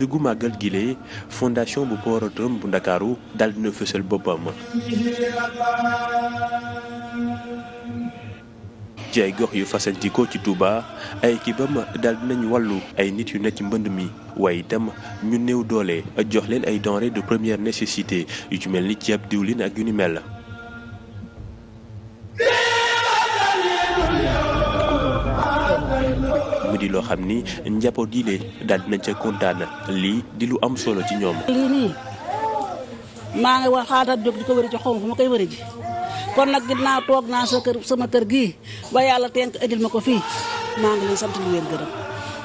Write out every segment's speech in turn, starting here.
diggu màggal gile fondation bu port autonome bu ndakaaru dal dina fësal boppam ci gox yu fasantikoo ci Touba ay kibam dal dinañ wàllu ay nit yu nekk ci mbënd mi waaye itam ñu néew doole jox leen ay denrées de première nécessité yu ci mel ni ceeb diwlin ak yu ni mel di loo xam ni njaboot yi lee daal dinañ ca kontaan lii di lu am solo ci ñoom. lii nii maa ngi wax xaaral jóg di ko wëri ci xaw ma koy wëri ji kon nag ginnaaw toog naa sa sama kër gii ba yàlla tenk indil ma ko fii maa sant di leen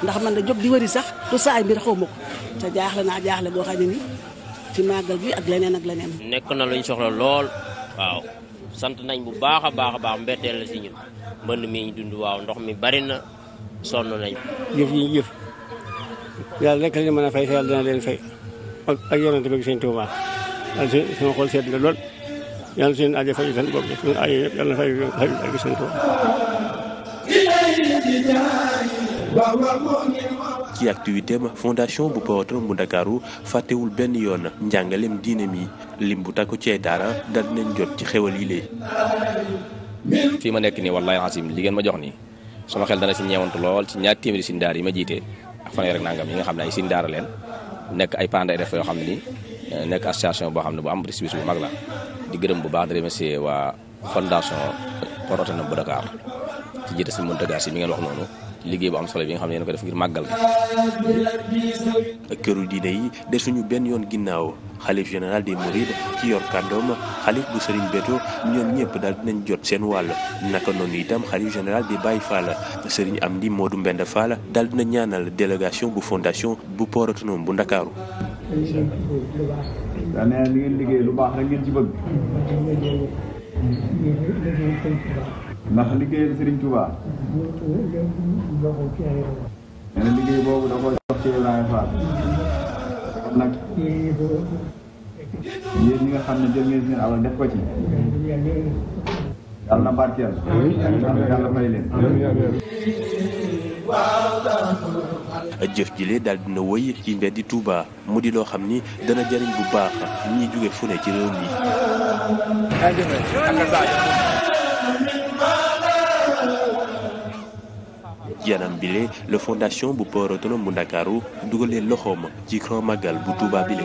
ndax man de jóg di wëri sax du saay mbir xaw te jaaxle naa jaaxle boo xam ne nii ci màggal bi ak la ak nekk na luñ soxla lool waaw. sant nañ bu baax a baax a la si ñun mbënd mi dund waaw ndox mi bari sonn nañ jëf ñi jëf yàlla a fay te yàlla dina leen fay ak ak yonent bi seen Tuuba yàlla seen sama xol seet na lool yàlla seen aajo fay seen bopp seen aajo yëpp yàlla fay ak seen Tuuba ci activité ma fondation bu Pawoto bu fàttewul benn yoon njàngaleem diine mi lim bu takku ci ay daara dal nañ jot ci xewal yi lee fii ma nekk nii wallaay azim li ngeen ma jox nii sama xel dana si ñeewantu lool ci ñaar téeméeri sin daara yi ma jiite ak fanweer ak nangam yi nga xam ne ay sin daara leen nekk ay parents d'élèves yoo xam ne ni eh, nekk association boo xam ne bu am récipice bu mag la di gërëm bu baax di remercier waa fondation koroote na bu Dakar ci jiite si Mountaga si mi ngeen wax noonu liggéey bu am solo bi nga xam ne yéen ko def ngir màggal gi këru diine yi desuñu benn yoon ginnaaw xalif général des mourides ci yor kàddoom xalif bu Serigne Béthio ñoom ñëpp daal dinañ jot seen wàll naka noonu itam xalif général des Baye Fall Serigne Amdi du Mbenda Fall daal dina ñaanal délégation bu fondation bu port autonome bu Ndakaaru ndax liggéey Sëriñ Tuubaa. nee na liggéey boobu da koo jox ci Ibrahima Fall. kon nag yéen ñi nga xam ne jël ngeen seen alal def ko ci. yàlla na barkeel. yàlla fay leen. jëf jile daal dina wëy ci mbeddi Touba mu di loo xam ni dana jëriñ bu baax ñi jóge fu ci réew mi. janam bile la fondation bu port autonome bu Ndakaaru dugalee loxoom ci grand magal bu Touba bi